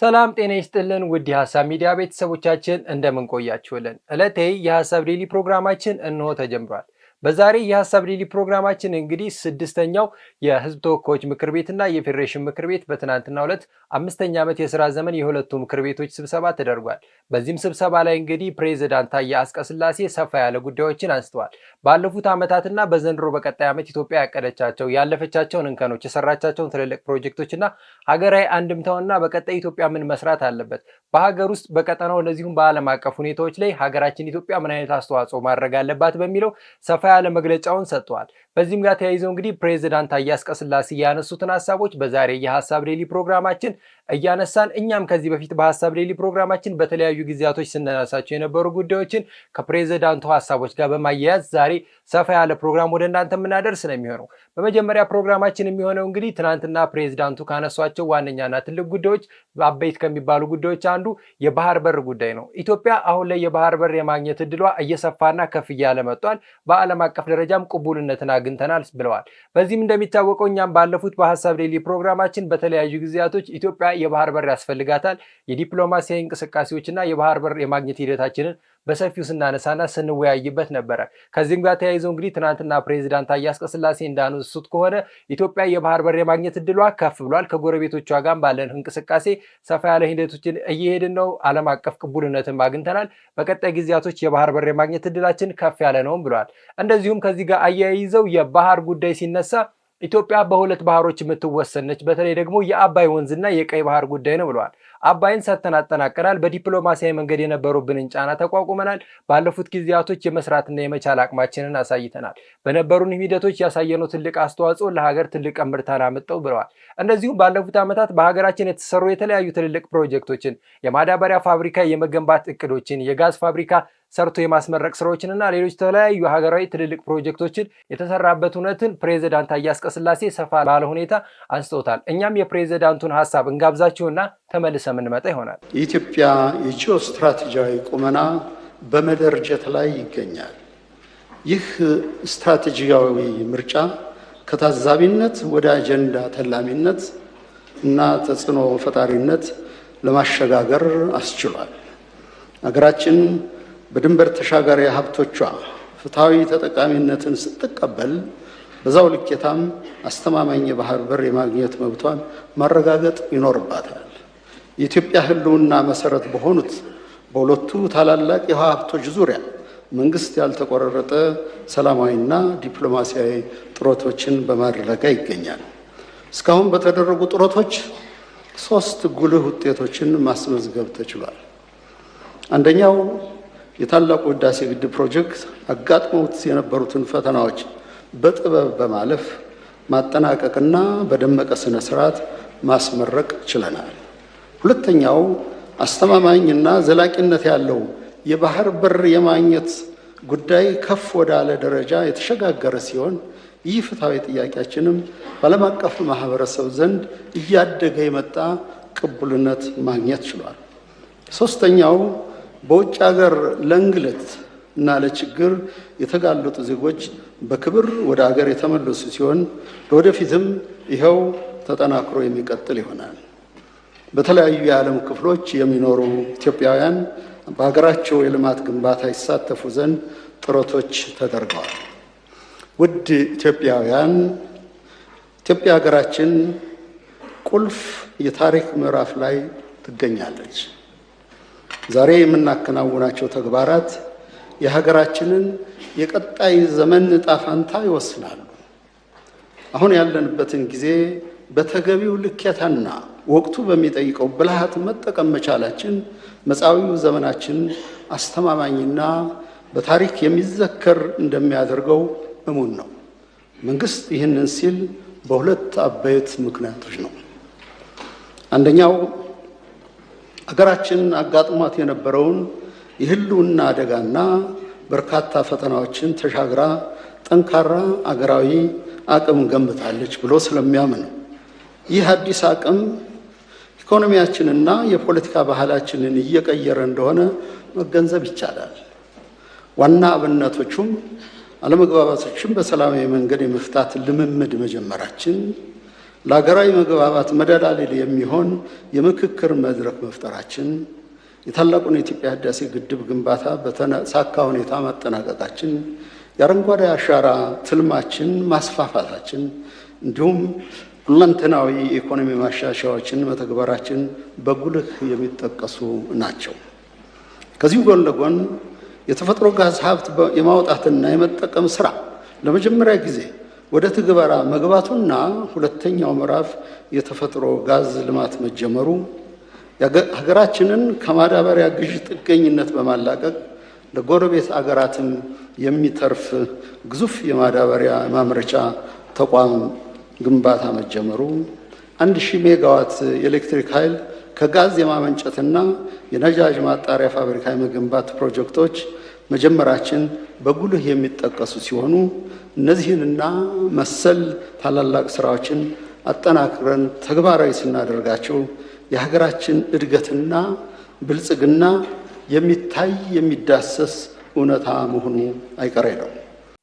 ሰላም ጤና ይስጥልን ውድ የሀሳብ ሚዲያ ቤተሰቦቻችን እንደምንቆያችሁልን። እለቴ የሀሳብ ዴሊ ፕሮግራማችን እንሆ ተጀምሯል። በዛሬ የሀሳብ ዴሊ ፕሮግራማችን እንግዲህ ስድስተኛው የህዝብ ተወካዮች ምክር ቤትና የፌዴሬሽን ምክር ቤት በትናንትናው ዕለት አምስተኛ ዓመት የስራ ዘመን የሁለቱ ምክር ቤቶች ስብሰባ ተደርጓል። በዚህም ስብሰባ ላይ እንግዲህ ፕሬዚዳንት ታዬ አጽቀሥላሴ ሰፋ ያለ ጉዳዮችን አንስተዋል። ባለፉት ዓመታትና በዘንድሮ በቀጣይ ዓመት ኢትዮጵያ ያቀደቻቸው ያለፈቻቸውን እንከኖች፣ የሰራቻቸውን ትልልቅ ፕሮጀክቶችና ሀገራዊ አንድምታውና በቀጣይ ኢትዮጵያ ምን መስራት አለበት፣ በሀገር ውስጥ በቀጠናው እንደዚሁም በዓለም አቀፍ ሁኔታዎች ላይ ሀገራችን ኢትዮጵያ ምን አይነት አስተዋጽኦ ማድረግ አለባት በሚለው ሰፋ ያለ መግለጫውን ሰጥቷል። በዚህም ጋር ተያይዘው እንግዲህ ፕሬዚዳንት ታዬ አጽቀሥላሴ ያነሱትን ሀሳቦች በዛሬ የሀሳብ ሌሊ ፕሮግራማችን እያነሳን እኛም ከዚህ በፊት በሀሳብ ሌሊ ፕሮግራማችን በተለያዩ ጊዜያቶች ስናነሳቸው የነበሩ ጉዳዮችን ከፕሬዚዳንቱ ሀሳቦች ጋር በማያያዝ ዛሬ ሰፋ ያለ ፕሮግራም ወደ እናንተ የምናደርስ ነው የሚሆነው። በመጀመሪያ ፕሮግራማችን የሚሆነው እንግዲህ ትናንትና ፕሬዚዳንቱ ካነሷቸው ዋነኛና ትልቅ ጉዳዮች አበይት ከሚባሉ ጉዳዮች አንዱ የባህር በር ጉዳይ ነው። ኢትዮጵያ አሁን ላይ የባህር በር የማግኘት እድሏ እየሰፋና ከፍ እያለ መጥቷል። በዓለም በዓለም አቀፍ ደረጃም ቅቡልነትን አግኝተናል ብለዋል። በዚህም እንደሚታወቀው እኛም ባለፉት በሀሳብ ዴይሊ ፕሮግራማችን በተለያዩ ጊዜያቶች ኢትዮጵያ የባህር በር ያስፈልጋታል፣ የዲፕሎማሲያዊ እንቅስቃሴዎችና የባህር በር የማግኘት ሂደታችንን በሰፊው ስናነሳና ስንወያይበት ነበረ። ከዚህም ጋር ተያይዞ እንግዲህ ትናንትና ፕሬዚዳንት አያስቀ ስላሴ እንዳነሱት ከሆነ ኢትዮጵያ የባህር በር የማግኘት እድሏ ከፍ ብሏል። ከጎረቤቶቿ ጋር ባለን እንቅስቃሴ ሰፋ ያለ ሂደቶችን እየሄድን ነው። ዓለም አቀፍ ቅቡልነትም አግኝተናል። በቀጣይ ጊዜያቶች የባህር በር የማግኘት እድላችን ከፍ ያለ ነውም ብሏል። እንደዚሁም ከዚህ ጋር አያይዘው የባህር ጉዳይ ሲነሳ ኢትዮጵያ በሁለት ባህሮች የምትወሰን ነች። በተለይ ደግሞ የአባይ ወንዝና የቀይ ባህር ጉዳይ ነው ብለዋል። አባይን ሰጥተን አጠናቀናል። በዲፕሎማሲያዊ መንገድ የነበሩብንን ጫና ተቋቁመናል። ባለፉት ጊዜያቶች የመስራትና የመቻል አቅማችንን አሳይተናል። በነበሩን ሂደቶች ያሳየነው ትልቅ አስተዋጽኦ ለሀገር ትልቅ እምርታን አመጣው ብለዋል። እንደዚሁም ባለፉት ዓመታት በሀገራችን የተሰሩ የተለያዩ ትልልቅ ፕሮጀክቶችን፣ የማዳበሪያ ፋብሪካ የመገንባት እቅዶችን፣ የጋዝ ፋብሪካ ሰርቶ የማስመረቅ ስራዎችንና ሌሎች የተለያዩ ሀገራዊ ትልልቅ ፕሮጀክቶችን የተሰራበት እውነትን ፕሬዚዳንት ታዬ አጽቀሥላሴ ሰፋ ባለ ሁኔታ አንስተውታል። እኛም የፕሬዚዳንቱን ሀሳብ እንጋብዛችሁና ተመልሰ የምንመጣ ይሆናል። የኢትዮጵያ የጂኦ ስትራቴጂያዊ ቁመና በመደርጀት ላይ ይገኛል። ይህ ስትራቴጂያዊ ምርጫ ከታዛቢነት ወደ አጀንዳ ተላሚነት እና ተጽዕኖ ፈጣሪነት ለማሸጋገር አስችሏል። ሀገራችን በድንበር ተሻጋሪ ሀብቶቿ ፍትሐዊ ተጠቃሚነትን ስትቀበል በዛው ልኬታም አስተማማኝ የባህር በር የማግኘት መብቷን ማረጋገጥ ይኖርባታል። የኢትዮጵያ ሕልውና መሰረት በሆኑት በሁለቱ ታላላቅ የውሃ ሀብቶች ዙሪያ መንግስት ያልተቆራረጠ ሰላማዊና ዲፕሎማሲያዊ ጥረቶችን በማድረግ ላይ ይገኛል። እስካሁን በተደረጉ ጥረቶች ሶስት ጉልህ ውጤቶችን ማስመዝገብ ተችሏል። አንደኛው የታላቁ ህዳሴ ግድብ ፕሮጀክት አጋጥመውት የነበሩትን ፈተናዎች በጥበብ በማለፍ ማጠናቀቅና በደመቀ ስነ ስርዓት ማስመረቅ ችለናል። ሁለተኛው አስተማማኝና ዘላቂነት ያለው የባህር በር የማግኘት ጉዳይ ከፍ ወዳለ ደረጃ የተሸጋገረ ሲሆን ይህ ፍትሐዊ ጥያቄያችንም በዓለም አቀፍ ማህበረሰብ ዘንድ እያደገ የመጣ ቅቡልነት ማግኘት ችሏል። ሶስተኛው በውጭ ሀገር ለእንግልት እና ለችግር የተጋለጡ ዜጎች በክብር ወደ ሀገር የተመለሱ ሲሆን ለወደፊትም ይኸው ተጠናክሮ የሚቀጥል ይሆናል። በተለያዩ የዓለም ክፍሎች የሚኖሩ ኢትዮጵያውያን በሀገራቸው የልማት ግንባታ ይሳተፉ ዘንድ ጥረቶች ተደርገዋል። ውድ ኢትዮጵያውያን፣ ኢትዮጵያ ሀገራችን ቁልፍ የታሪክ ምዕራፍ ላይ ትገኛለች። ዛሬ የምናከናውናቸው ተግባራት የሀገራችንን የቀጣይ ዘመን ጣፋንታ ፈንታ ይወስናሉ። አሁን ያለንበትን ጊዜ በተገቢው ልኬታና ወቅቱ በሚጠይቀው ብልሃት መጠቀም መቻላችን መጻዊው ዘመናችን አስተማማኝና በታሪክ የሚዘከር እንደሚያደርገው እሙን ነው። መንግስት ይህንን ሲል በሁለት አበይት ምክንያቶች ነው። አንደኛው አገራችን አጋጥሟት የነበረውን የህልውና አደጋና በርካታ ፈተናዎችን ተሻግራ ጠንካራ አገራዊ አቅም ገንብታለች ብሎ ስለሚያምን ይህ አዲስ አቅም ኢኮኖሚያችንና የፖለቲካ ባህላችንን እየቀየረ እንደሆነ መገንዘብ ይቻላል። ዋና አብነቶቹም አለመግባባቶችን በሰላማዊ መንገድ የመፍታት ልምምድ መጀመራችን ለሀገራዊ መግባባት መደላለል የሚሆን የምክክር መድረክ መፍጠራችን፣ የታላቁን የኢትዮጵያ ህዳሴ ግድብ ግንባታ በተሳካ ሁኔታ ማጠናቀቃችን፣ የአረንጓዴ አሻራ ትልማችን ማስፋፋታችን እንዲሁም ሁለንተናዊ የኢኮኖሚ ማሻሻያዎችን መተግበራችን በጉልህ የሚጠቀሱ ናቸው። ከዚሁ ጎን ለጎን የተፈጥሮ ጋዝ ሀብት የማውጣትና የመጠቀም ስራ ለመጀመሪያ ጊዜ ወደ ትግበራ መግባቱና ሁለተኛው ምዕራፍ የተፈጥሮ ጋዝ ልማት መጀመሩ ሀገራችንን ከማዳበሪያ ግዥ ጥገኝነት በማላቀቅ ለጎረቤት አገራትም የሚተርፍ ግዙፍ የማዳበሪያ ማምረቻ ተቋም ግንባታ መጀመሩ አንድ ሺህ ሜጋዋት የኤሌክትሪክ ኃይል ከጋዝ የማመንጨትና የነዳጅ ማጣሪያ ፋብሪካ የመገንባት ፕሮጀክቶች መጀመራችን በጉልህ የሚጠቀሱ ሲሆኑ እነዚህንና መሰል ታላላቅ ስራዎችን አጠናክረን ተግባራዊ ስናደርጋቸው የሀገራችን እድገትና ብልጽግና የሚታይ የሚዳሰስ እውነታ መሆኑ አይቀሬ ነው።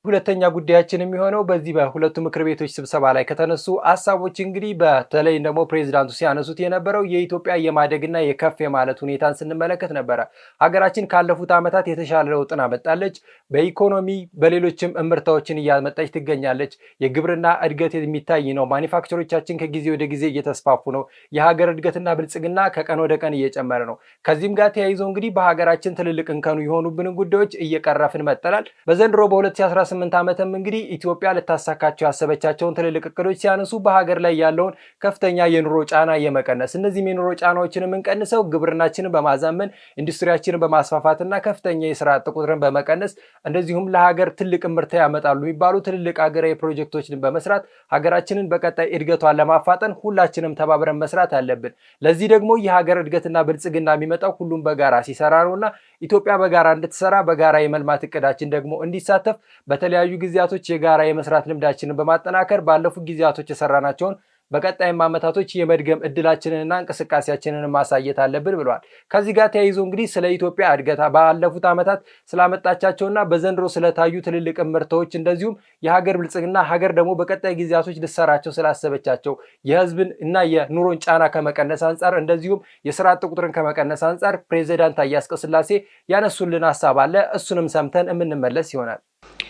ሁለተኛ ጉዳያችን የሚሆነው በዚህ በሁለቱ ምክር ቤቶች ስብሰባ ላይ ከተነሱ ሀሳቦች እንግዲህ በተለይም ደግሞ ፕሬዚዳንቱ ሲያነሱት የነበረው የኢትዮጵያ የማደግና የከፍ የማለት ሁኔታን ስንመለከት ነበረ። ሀገራችን ካለፉት ዓመታት የተሻለ ለውጥን አመጣለች። በኢኮኖሚ በሌሎችም እምርታዎችን እያመጣች ትገኛለች። የግብርና እድገት የሚታይ ነው። ማኒፋክቸሮቻችን ከጊዜ ወደ ጊዜ እየተስፋፉ ነው። የሀገር እድገትና ብልጽግና ከቀን ወደ ቀን እየጨመረ ነው። ከዚህም ጋር ተያይዞ እንግዲህ በሀገራችን ትልልቅ እንከኑ የሆኑብንን ጉዳዮች እየቀረፍን መጠላል በዘንድሮ በ2018 2018 ዓመትም እንግዲህ ኢትዮጵያ ልታሳካቸው ያሰበቻቸውን ትልልቅ እቅዶች ሲያነሱ በሀገር ላይ ያለውን ከፍተኛ የኑሮ ጫና የመቀነስ እነዚህም የኑሮ ጫናዎችን የምንቀንሰው ግብርናችንን በማዛመን ኢንዱስትሪያችንን በማስፋፋትና ከፍተኛ የስራ አጥ ቁጥርን በመቀነስ እንደዚሁም ለሀገር ትልቅ ምርታ ያመጣሉ የሚባሉ ትልልቅ ሀገራዊ ፕሮጀክቶችን በመስራት ሀገራችንን በቀጣይ እድገቷን ለማፋጠን ሁላችንም ተባብረን መስራት አለብን። ለዚህ ደግሞ የሀገር እድገትና ብልጽግና የሚመጣው ሁሉም በጋራ ሲሰራ ነውና ኢትዮጵያ በጋራ እንድትሰራ በጋራ የመልማት እቅዳችን ደግሞ እንዲሳተፍ በተለያዩ ጊዜያቶች የጋራ የመስራት ልምዳችንን በማጠናከር ባለፉት ጊዜያቶች የሰራናቸውን በቀጣይም ዓመታቶች የመድገም እድላችንንና እንቅስቃሴያችንን ማሳየት አለብን ብለዋል። ከዚህ ጋር ተያይዞ እንግዲህ ስለ ኢትዮጵያ እድገት ባለፉት ዓመታት ስላመጣቻቸውና በዘንድሮ ስለታዩ ትልልቅ ምርቶች እንደዚሁም የሀገር ብልጽግና ሀገር ደግሞ በቀጣይ ጊዜያቶች ልሰራቸው ስላሰበቻቸው የህዝብን እና የኑሮን ጫና ከመቀነስ አንጻር እንደዚሁም የስራ አጥ ቁጥርን ከመቀነስ አንጻር ፕሬዚዳንት አያስቀስላሴ ያነሱልን ሀሳብ አለ። እሱንም ሰምተን የምንመለስ ይሆናል።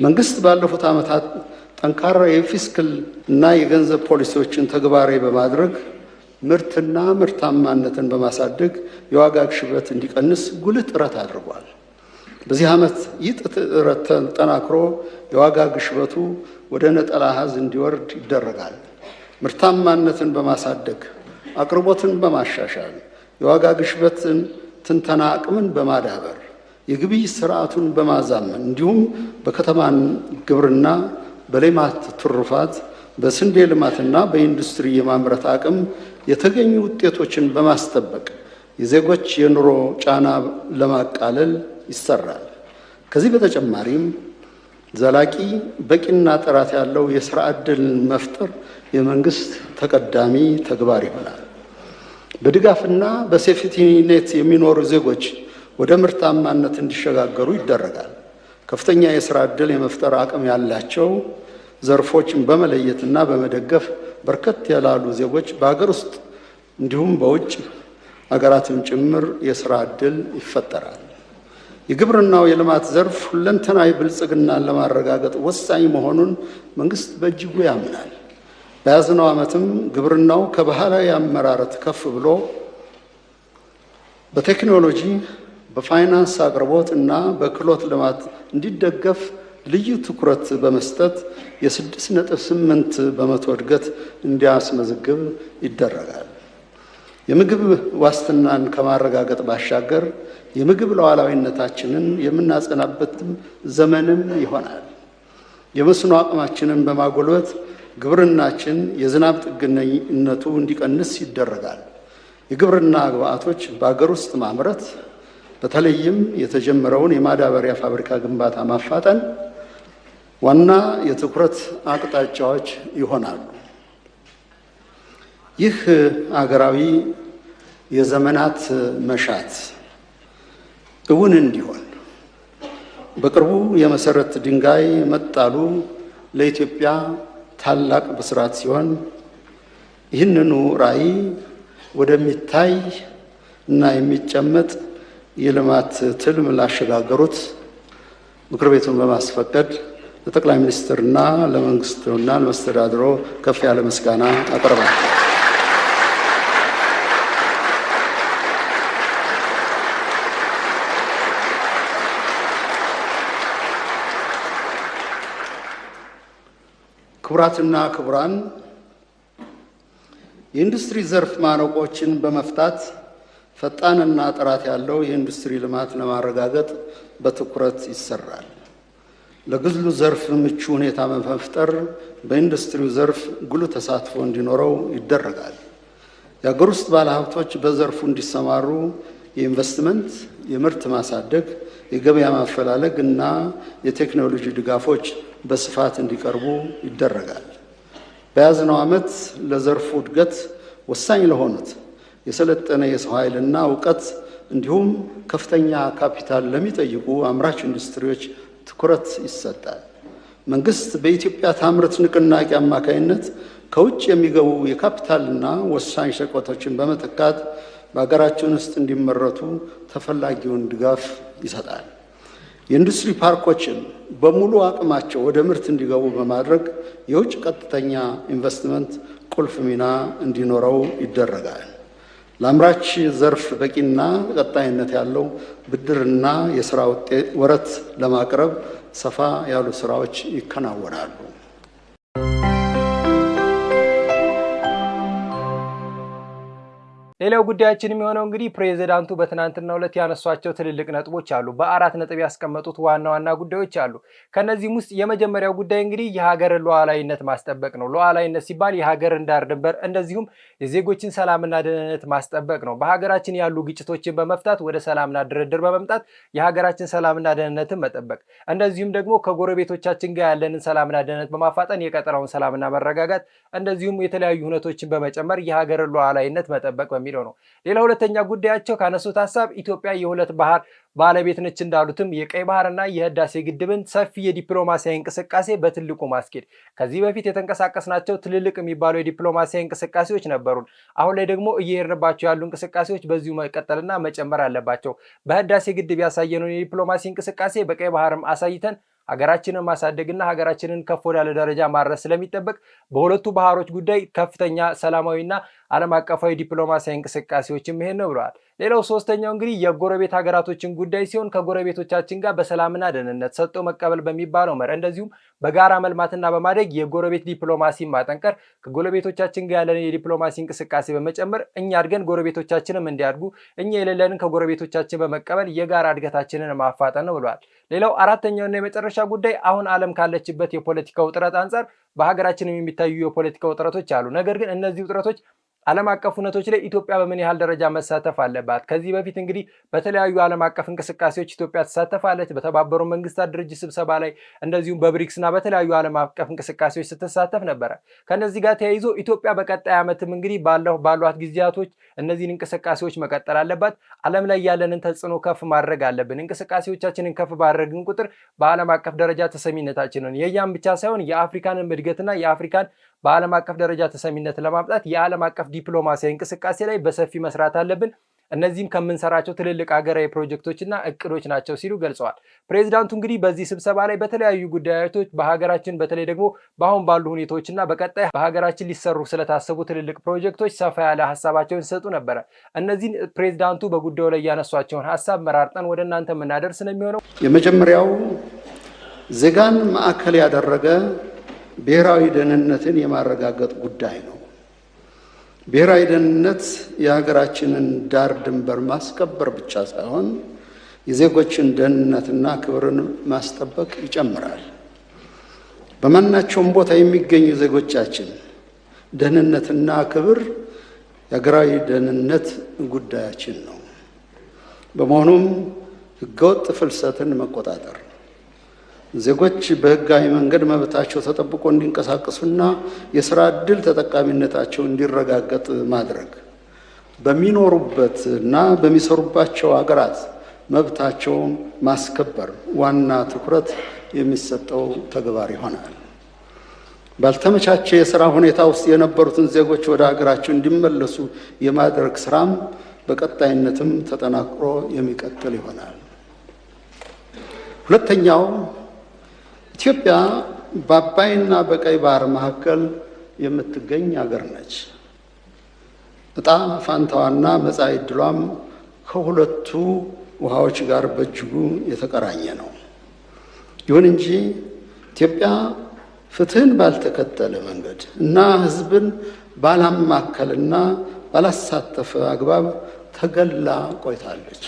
መንግስት ባለፉት ዓመታት ጠንካራ የፊስክል እና የገንዘብ ፖሊሲዎችን ተግባራዊ በማድረግ ምርትና ምርታማነትን በማሳደግ የዋጋ ግሽበት እንዲቀንስ ጉልህ ጥረት አድርጓል። በዚህ ዓመት ይህ ጥረት ተጠናክሮ የዋጋ ግሽበቱ ወደ ነጠላ አሃዝ እንዲወርድ ይደረጋል። ምርታማነትን በማሳደግ አቅርቦትን በማሻሻል የዋጋ ግሽበትን ትንተና አቅምን በማዳበር የግብይት ስርዓቱን በማዛመን እንዲሁም በከተማ ግብርና፣ በሌማት ትሩፋት፣ በስንዴ ልማትና በኢንዱስትሪ የማምረት አቅም የተገኙ ውጤቶችን በማስጠበቅ የዜጎች የኑሮ ጫና ለማቃለል ይሰራል። ከዚህ በተጨማሪም ዘላቂ በቂና ጥራት ያለው የስራ ዕድል መፍጠር የመንግስት ተቀዳሚ ተግባር ይሆናል። በድጋፍና በሴፍቲኔት የሚኖሩ ዜጎች ወደ ምርታማነት እንዲሸጋገሩ ይደረጋል። ከፍተኛ የስራ ዕድል የመፍጠር አቅም ያላቸው ዘርፎችን በመለየትና በመደገፍ በርከት ያላሉ ዜጎች በሀገር ውስጥ እንዲሁም በውጭ አገራትን ጭምር የስራ ዕድል ይፈጠራል። የግብርናው የልማት ዘርፍ ሁለንተናዊ ብልጽግናን ለማረጋገጥ ወሳኝ መሆኑን መንግስት በእጅጉ ያምናል። በያዝነው ዓመትም ግብርናው ከባህላዊ አመራረት ከፍ ብሎ በቴክኖሎጂ በፋይናንስ አቅርቦት እና በክህሎት ልማት እንዲደገፍ ልዩ ትኩረት በመስጠት የ6.8 በመቶ እድገት እንዲያስመዘግብ ይደረጋል። የምግብ ዋስትናን ከማረጋገጥ ባሻገር የምግብ ሉዓላዊነታችንን የምናጸናበትም ዘመንም ይሆናል። የመስኖ አቅማችንን በማጎልበት ግብርናችን የዝናብ ጥገኝነቱ እንዲቀንስ ይደረጋል። የግብርና ግብዓቶች በአገር ውስጥ ማምረት በተለይም የተጀመረውን የማዳበሪያ ፋብሪካ ግንባታ ማፋጠን ዋና የትኩረት አቅጣጫዎች ይሆናሉ። ይህ አገራዊ የዘመናት መሻት እውን እንዲሆን በቅርቡ የመሰረት ድንጋይ መጣሉ ለኢትዮጵያ ታላቅ ብስራት ሲሆን ይህንኑ ራዕይ ወደሚታይ እና የሚጨመጥ የልማት ትልም ላሸጋገሩት ምክር ቤቱን በማስፈቀድ ለጠቅላይ ሚኒስትርና ለመንግስቱና ለመስተዳድሮ ከፍ ያለ ምስጋና አቀርባል። ክቡራትና ክቡራን የኢንዱስትሪ ዘርፍ ማነቆችን በመፍታት ፈጣንና ጥራት ያለው የኢንዱስትሪ ልማት ለማረጋገጥ በትኩረት ይሰራል። ለግሉ ዘርፍ ምቹ ሁኔታ በመፍጠር በኢንዱስትሪው ዘርፍ ጉልህ ተሳትፎ እንዲኖረው ይደረጋል። የአገር ውስጥ ባለሀብቶች በዘርፉ እንዲሰማሩ የኢንቨስትመንት፣ የምርት ማሳደግ፣ የገበያ ማፈላለግ እና የቴክኖሎጂ ድጋፎች በስፋት እንዲቀርቡ ይደረጋል። በያዝነው ዓመት ለዘርፉ እድገት ወሳኝ ለሆኑት የሰለጠነ የሰው ኃይልና እውቀት እንዲሁም ከፍተኛ ካፒታል ለሚጠይቁ አምራች ኢንዱስትሪዎች ትኩረት ይሰጣል። መንግስት በኢትዮጵያ ታምርት ንቅናቄ አማካኝነት ከውጭ የሚገቡ የካፒታልና ወሳኝ ሸቀጦችን በመተካት በሀገራችን ውስጥ እንዲመረቱ ተፈላጊውን ድጋፍ ይሰጣል። የኢንዱስትሪ ፓርኮችን በሙሉ አቅማቸው ወደ ምርት እንዲገቡ በማድረግ የውጭ ቀጥተኛ ኢንቨስትመንት ቁልፍ ሚና እንዲኖረው ይደረጋል። ለአምራች ዘርፍ በቂና ቀጣይነት ያለው ብድርና የስራ ወረት ለማቅረብ ሰፋ ያሉ ስራዎች ይከናወናሉ። ሌላው ጉዳያችን የሚሆነው እንግዲህ ፕሬዚዳንቱ በትናንትናው ዕለት ያነሷቸው ትልልቅ ነጥቦች አሉ። በአራት ነጥብ ያስቀመጡት ዋና ዋና ጉዳዮች አሉ። ከእነዚህም ውስጥ የመጀመሪያው ጉዳይ እንግዲህ የሀገርን ሉዓላዊነት ማስጠበቅ ነው። ሉዓላዊነት ሲባል የሀገርን ዳር ድንበር እንደዚሁም የዜጎችን ሰላምና ደህንነት ማስጠበቅ ነው። በሀገራችን ያሉ ግጭቶችን በመፍታት ወደ ሰላምና ድርድር በመምጣት የሀገራችን ሰላምና ደህንነትን መጠበቅ እንደዚሁም ደግሞ ከጎረቤቶቻችን ጋር ያለንን ሰላምና ደህንነት በማፋጠን የቀጠናውን ሰላምና መረጋጋት እንደዚሁም የተለያዩ ሁነቶችን በመጨመር የሀገርን ሉዓላዊነት መጠበቅ በሚለው የሚለው ነው። ሌላ ሁለተኛ ጉዳያቸው ካነሱት ሀሳብ ኢትዮጵያ የሁለት ባህር ባለቤት ነች እንዳሉትም የቀይ ባህርና የህዳሴ ግድብን ሰፊ የዲፕሎማሲያዊ እንቅስቃሴ በትልቁ ማስኬድ። ከዚህ በፊት የተንቀሳቀስናቸው ትልልቅ የሚባሉ የዲፕሎማሲያዊ እንቅስቃሴዎች ነበሩን። አሁን ላይ ደግሞ እየሄድንባቸው ያሉ እንቅስቃሴዎች በዚሁ መቀጠልና መጨመር አለባቸው። በህዳሴ ግድብ ያሳየነውን የዲፕሎማሲ እንቅስቃሴ በቀይ ባህርም አሳይተን ሀገራችንን ማሳደግና ሀገራችንን ከፍ ወዳለ ደረጃ ማድረስ ስለሚጠበቅ በሁለቱ ባህሮች ጉዳይ ከፍተኛ ሰላማዊና ዓለም አቀፋዊ ዲፕሎማሲያዊ እንቅስቃሴዎች መሄድ ነው ብለዋል። ሌላው ሶስተኛው እንግዲህ የጎረቤት ሀገራቶችን ጉዳይ ሲሆን ከጎረቤቶቻችን ጋር በሰላምና ደህንነት ሰጥቶ መቀበል በሚባለው መር እንደዚሁም በጋራ መልማትና በማደግ የጎረቤት ዲፕሎማሲ ማጠንቀር ከጎረቤቶቻችን ጋር ያለን የዲፕሎማሲ እንቅስቃሴ በመጨመር እኛ አድገን ጎረቤቶቻችንም እንዲያድጉ እኛ የሌለንን ከጎረቤቶቻችን በመቀበል የጋራ እድገታችንን ማፋጠን ነው ብለዋል። ሌላው አራተኛውና የመጨረሻ ጉዳይ አሁን ዓለም ካለችበት የፖለቲካ ውጥረት አንጻር በሀገራችንም የሚታዩ የፖለቲካ ውጥረቶች አሉ። ነገር ግን እነዚህ ውጥረቶች ዓለም አቀፍ እውነቶች ላይ ኢትዮጵያ በምን ያህል ደረጃ መሳተፍ አለባት? ከዚህ በፊት እንግዲህ በተለያዩ ዓለም አቀፍ እንቅስቃሴዎች ኢትዮጵያ ትሳተፋለች። በተባበሩ መንግስታት ድርጅት ስብሰባ ላይ እንደዚሁም በብሪክስና በተለያዩ ዓለም አቀፍ እንቅስቃሴዎች ስትሳተፍ ነበረ። ከእነዚህ ጋር ተያይዞ ኢትዮጵያ በቀጣይ ዓመትም እንግዲህ ባሏት ጊዜያቶች እነዚህን እንቅስቃሴዎች መቀጠል አለባት። ዓለም ላይ ያለንን ተጽዕኖ ከፍ ማድረግ አለብን። እንቅስቃሴዎቻችንን ከፍ ባድረግን ቁጥር በዓለም አቀፍ ደረጃ ተሰሚነታችንን የእኛም ብቻ ሳይሆን የአፍሪካንን እድገትና የአፍሪካን በዓለም አቀፍ ደረጃ ተሰሚነት ለማምጣት የዓለም አቀፍ ዲፕሎማሲያዊ እንቅስቃሴ ላይ በሰፊ መስራት አለብን። እነዚህም ከምንሰራቸው ትልልቅ ሀገራዊ ፕሮጀክቶችና እቅዶች ናቸው ሲሉ ገልጸዋል። ፕሬዚዳንቱ እንግዲህ በዚህ ስብሰባ ላይ በተለያዩ ጉዳዮች በሀገራችን በተለይ ደግሞ በአሁን ባሉ ሁኔታዎችና በቀጣይ በሀገራችን ሊሰሩ ስለታሰቡ ትልልቅ ፕሮጀክቶች ሰፋ ያለ ሀሳባቸውን ሲሰጡ ነበረ። እነዚህን ፕሬዚዳንቱ በጉዳዩ ላይ ያነሷቸውን ሀሳብ መራርጠን ወደ እናንተ የምናደርስ ነው የሚሆነው። የመጀመሪያው ዜጋን ማዕከል ያደረገ ብሔራዊ ደህንነትን የማረጋገጥ ጉዳይ ነው። ብሔራዊ ደህንነት የሀገራችንን ዳር ድንበር ማስከበር ብቻ ሳይሆን የዜጎችን ደህንነትና ክብርን ማስጠበቅ ይጨምራል። በማናቸውም ቦታ የሚገኙ ዜጎቻችን ደህንነትና ክብር የሀገራዊ ደህንነት ጉዳያችን ነው። በመሆኑም ሕገወጥ ፍልሰትን መቆጣጠር ዜጎች በህጋዊ መንገድ መብታቸው ተጠብቆ እንዲንቀሳቀሱና የስራ ዕድል ተጠቃሚነታቸው እንዲረጋገጥ ማድረግ በሚኖሩበት እና በሚሰሩባቸው አገራት መብታቸውን ማስከበር ዋና ትኩረት የሚሰጠው ተግባር ይሆናል። ባልተመቻቸ የስራ ሁኔታ ውስጥ የነበሩትን ዜጎች ወደ ሀገራቸው እንዲመለሱ የማድረግ ስራም በቀጣይነትም ተጠናክሮ የሚቀጥል ይሆናል። ሁለተኛው ኢትዮጵያ በአባይና በቀይ ባህር መካከል የምትገኝ አገር ነች። እጣ ፋንታዋና መጻኢ ዕድሏም ከሁለቱ ውሃዎች ጋር በእጅጉ የተቀራኘ ነው። ይሁን እንጂ ኢትዮጵያ ፍትህን ባልተከተለ መንገድ እና ሕዝብን ባላማከልና ባላሳተፈ አግባብ ተገላ ቆይታለች።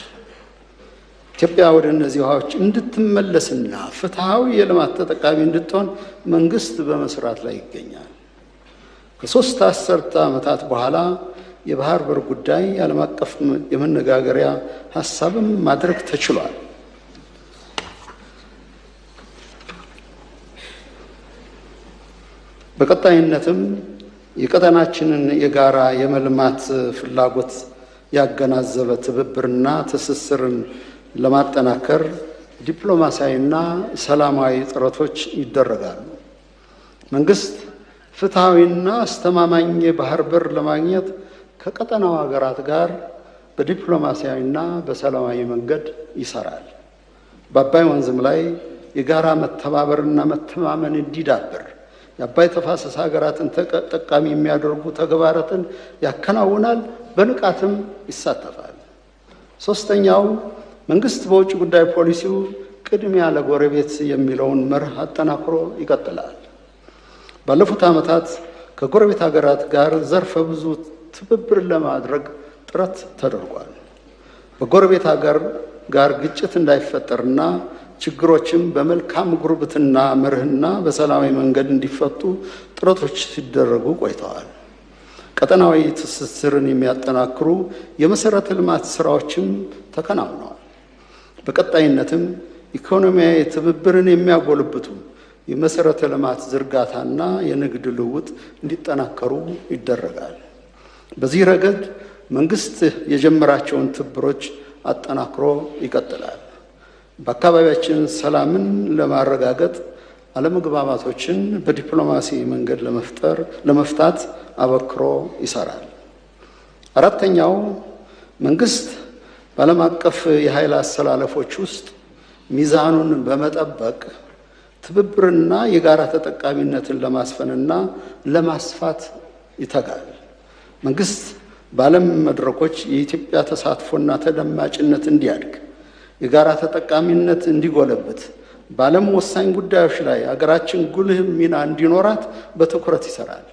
ኢትዮጵያ ወደ እነዚህ ውሃዎች እንድትመለስና ፍትሐዊ የልማት ተጠቃሚ እንድትሆን መንግስት በመስራት ላይ ይገኛል። ከሶስት አስርተ ዓመታት በኋላ የባህር በር ጉዳይ ዓለም አቀፍ የመነጋገሪያ ሀሳብም ማድረግ ተችሏል። በቀጣይነትም የቀጠናችንን የጋራ የመልማት ፍላጎት ያገናዘበ ትብብርና ትስስርን ለማጠናከር ዲፕሎማሲያዊና ሰላማዊ ጥረቶች ይደረጋሉ። መንግስት ፍትሐዊና አስተማማኝ የባህር በር ለማግኘት ከቀጠናው ሀገራት ጋር በዲፕሎማሲያዊና በሰላማዊ መንገድ ይሰራል። በአባይ ወንዝም ላይ የጋራ መተባበርና መተማመን እንዲዳብር የአባይ ተፋሰስ ሀገራትን ተጠቃሚ የሚያደርጉ ተግባራትን ያከናውናል፣ በንቃትም ይሳተፋል። ሶስተኛው መንግስት በውጭ ጉዳይ ፖሊሲው ቅድሚያ ለጎረቤት የሚለውን መርህ አጠናክሮ ይቀጥላል። ባለፉት ዓመታት ከጎረቤት ሀገራት ጋር ዘርፈ ብዙ ትብብር ለማድረግ ጥረት ተደርጓል። በጎረቤት ሀገር ጋር ግጭት እንዳይፈጠርና ችግሮችም በመልካም ጉርብትና መርህና በሰላማዊ መንገድ እንዲፈቱ ጥረቶች ሲደረጉ ቆይተዋል። ቀጠናዊ ትስስርን የሚያጠናክሩ የመሰረተ ልማት ስራዎችም ተከናውነዋል። በቀጣይነትም ኢኮኖሚያዊ ትብብርን የሚያጎልብቱ የመሰረተ ልማት ዝርጋታና የንግድ ልውውጥ እንዲጠናከሩ ይደረጋል። በዚህ ረገድ መንግስት የጀመራቸውን ትብብሮች አጠናክሮ ይቀጥላል። በአካባቢያችን ሰላምን ለማረጋገጥ አለመግባባቶችን በዲፕሎማሲ መንገድ ለመፍጠር ለመፍታት አበክሮ ይሰራል። አራተኛው መንግስት በዓለም አቀፍ የኃይል አሰላለፎች ውስጥ ሚዛኑን በመጠበቅ ትብብርና የጋራ ተጠቃሚነትን ለማስፈንና ለማስፋት ይተጋል። መንግስት በዓለም መድረኮች የኢትዮጵያ ተሳትፎና ተደማጭነት እንዲያድግ፣ የጋራ ተጠቃሚነት እንዲጎለብት፣ በዓለም ወሳኝ ጉዳዮች ላይ አገራችን ጉልህ ሚና እንዲኖራት በትኩረት ይሰራል።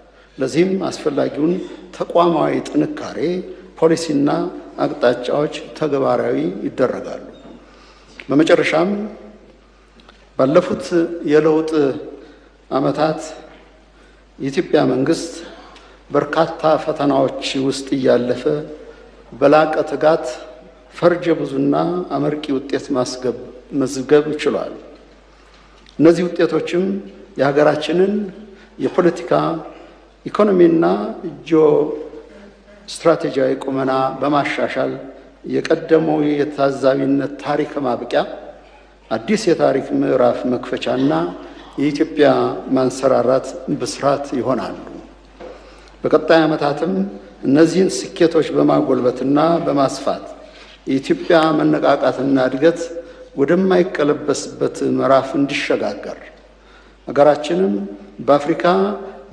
ለዚህም አስፈላጊውን ተቋማዊ ጥንካሬ ፖሊሲና አቅጣጫዎች ተግባራዊ ይደረጋሉ። በመጨረሻም ባለፉት የለውጥ ዓመታት የኢትዮጵያ መንግስት በርካታ ፈተናዎች ውስጥ እያለፈ በላቀ ትጋት ፈርጀ ብዙና አመርቂ ውጤት መዝገብ ችሏል። እነዚህ ውጤቶችም የሀገራችንን የፖለቲካ ኢኮኖሚና ጂኦ ስትራቴጂያዊ ቁመና በማሻሻል የቀደመው የታዛቢነት ታሪክ ማብቂያ አዲስ የታሪክ ምዕራፍ መክፈቻና የኢትዮጵያ ማንሰራራት ብስራት ይሆናሉ። በቀጣይ ዓመታትም እነዚህን ስኬቶች በማጎልበትና በማስፋት የኢትዮጵያ መነቃቃትና እድገት ወደማይቀለበስበት ምዕራፍ እንዲሸጋገር ሀገራችንም በአፍሪካ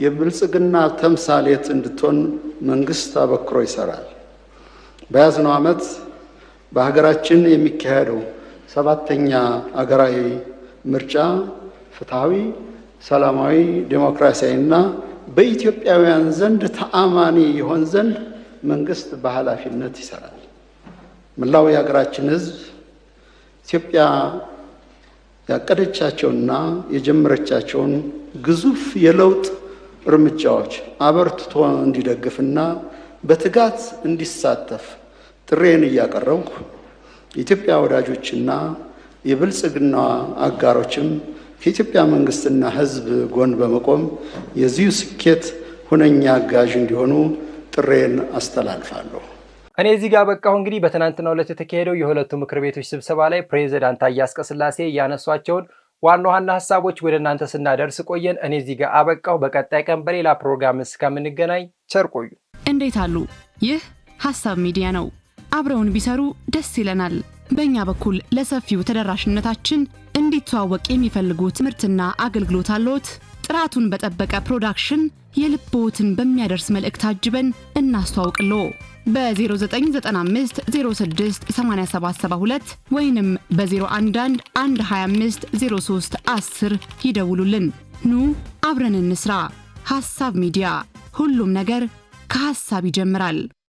የብልጽግና ተምሳሌት እንድትሆን መንግስት አበክሮ ይሰራል። በያዝነው ዓመት በሀገራችን የሚካሄደው ሰባተኛ አገራዊ ምርጫ ፍትሐዊ፣ ሰላማዊ፣ ዴሞክራሲያዊና በኢትዮጵያውያን ዘንድ ተአማኒ ይሆን ዘንድ መንግስት በኃላፊነት ይሰራል። መላው የሀገራችን ህዝብ ኢትዮጵያ ያቀደቻቸውና የጀመረቻቸውን ግዙፍ የለውጥ እርምጃዎች አበርትቶ እንዲደግፍና በትጋት እንዲሳተፍ ጥሬን እያቀረብኩ የኢትዮጵያ ወዳጆችና የብልጽግና አጋሮችም ከኢትዮጵያ መንግስትና ሕዝብ ጎን በመቆም የዚሁ ስኬት ሁነኛ አጋዥ እንዲሆኑ ጥሬን አስተላልፋለሁ። እኔ እዚህ ጋር በቃሁ። እንግዲህ በትናንትናው ዕለት የተካሄደው የሁለቱ ምክር ቤቶች ስብሰባ ላይ ፕሬዚዳንት አያስቀስላሴ እያነሷቸውን ዋና ዋና ሀሳቦች ወደ እናንተ ስናደርስ ቆየን። እኔ እዚህ ጋር አበቃው። በቀጣይ ቀን በሌላ ፕሮግራም እስከምንገናኝ ቸር ቆዩ። እንዴት አሉ? ይህ ሀሳብ ሚዲያ ነው። አብረውን ቢሰሩ ደስ ይለናል። በእኛ በኩል ለሰፊው ተደራሽነታችን እንዲተዋወቅ የሚፈልጉ ትምህርትና አገልግሎት አለዎት? ጥራቱን በጠበቀ ፕሮዳክሽን የልብዎትን በሚያደርስ መልእክት አጅበን እናስተዋውቅለ! በ0995 06 8772 ወይንም በ 0111 25 03 10 ይደውሉልን። ኑ አብረን እንስራ። ሐሳብ ሚዲያ፣ ሁሉም ነገር ከሐሳብ ይጀምራል።